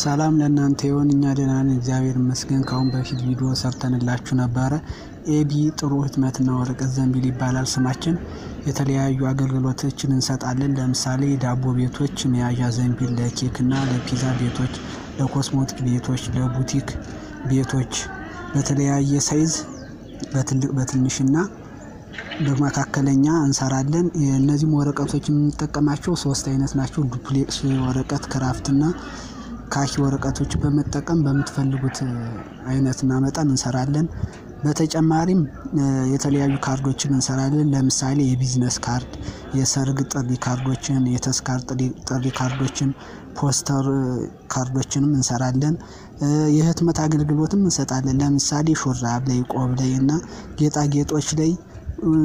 ሰላም ለእናንተ ይሆን። እኛ ደህና ነን፣ እግዚአብሔር ይመስገን። ከአሁን በፊት ቪዲዮ ሰርተንላችሁ ነበረ። ኤቢ ጥሩ ህትመትና ወረቀት ዘንቢል ይባላል ስማችን። የተለያዩ አገልግሎቶችን እንሰጣለን። ለምሳሌ ዳቦ ቤቶች መያዣ ዘንቢል፣ ለኬክና ለፒዛ ቤቶች፣ ለኮስሞቲክ ቤቶች፣ ለቡቲክ ቤቶች በተለያየ ሳይዝ በትልቅ በትንሽና በመካከለኛ እንሰራለን። እነዚህም ወረቀቶች የምንጠቀማቸው ሶስት አይነት ናቸው። ዱፕሌክስ ወረቀት፣ ክራፍትና ካኪ ወረቀቶች በመጠቀም በምትፈልጉት አይነትና መጠን እንሰራለን። በተጨማሪም የተለያዩ ካርዶችን እንሰራለን። ለምሳሌ የቢዝነስ ካርድ፣ የሰርግ ጥሪ ካርዶችን፣ የተስካር ጥሪ ካርዶችን፣ ፖስተር ካርዶችንም እንሰራለን። የህትመት አገልግሎትም እንሰጣለን። ለምሳሌ ሹራብ ላይ፣ ቆብ ላይ እና ጌጣጌጦች ላይ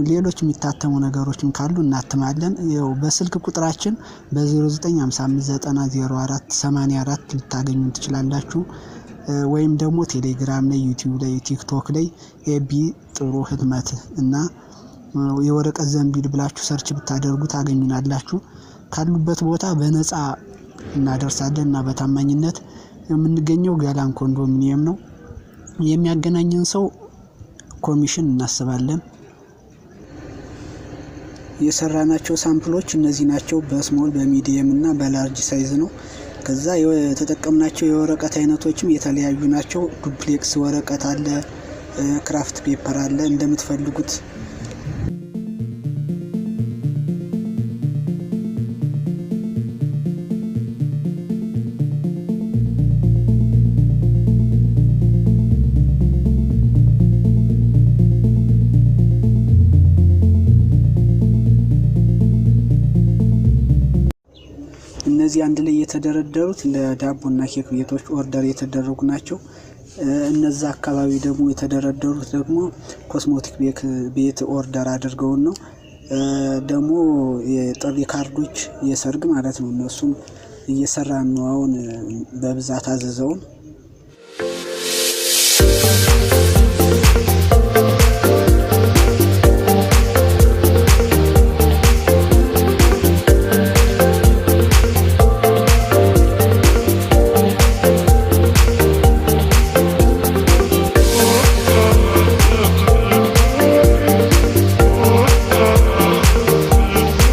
ሌሎች የሚታተሙ ነገሮችም ካሉ እናትማለን። ያው በስልክ ቁጥራችን በ0955900484 ልታገኙን ትችላላችሁ። ወይም ደግሞ ቴሌግራም ላይ፣ ዩቲዩብ ላይ፣ ቲክቶክ ላይ ኤቢ ጥሩ ህትመት እና የወረቀት ዘንቢል ብላችሁ ሰርች ብታደርጉ ታገኙናላችሁ። ካሉበት ቦታ በነፃ እናደርሳለን እና በታማኝነት የምንገኘው ገላን ኮንዶሚኒየም ነው። የሚያገናኝን ሰው ኮሚሽን እናስባለን። የሰራናቸው ሳምፕሎች እነዚህ ናቸው። በስሞል በሚዲየም እና በላርጅ ሳይዝ ነው። ከዛ የተጠቀምናቸው የወረቀት አይነቶችም የተለያዩ ናቸው። ዱፕሌክስ ወረቀት አለ፣ ክራፍት ፔፐር አለ እንደምትፈልጉት እነዚህ አንድ ላይ የተደረደሩት ለዳቦና ኬክ ቤቶች ኦርደር የተደረጉ ናቸው። እነዛ አካባቢ ደግሞ የተደረደሩት ደግሞ ኮስሞቲክ ቤት ኦርደር አድርገውን ነው። ደግሞ የጥሪ ካርዶች የሰርግ ማለት ነው። እነሱም እየሰራን ነው አሁን በብዛት አዘዘውን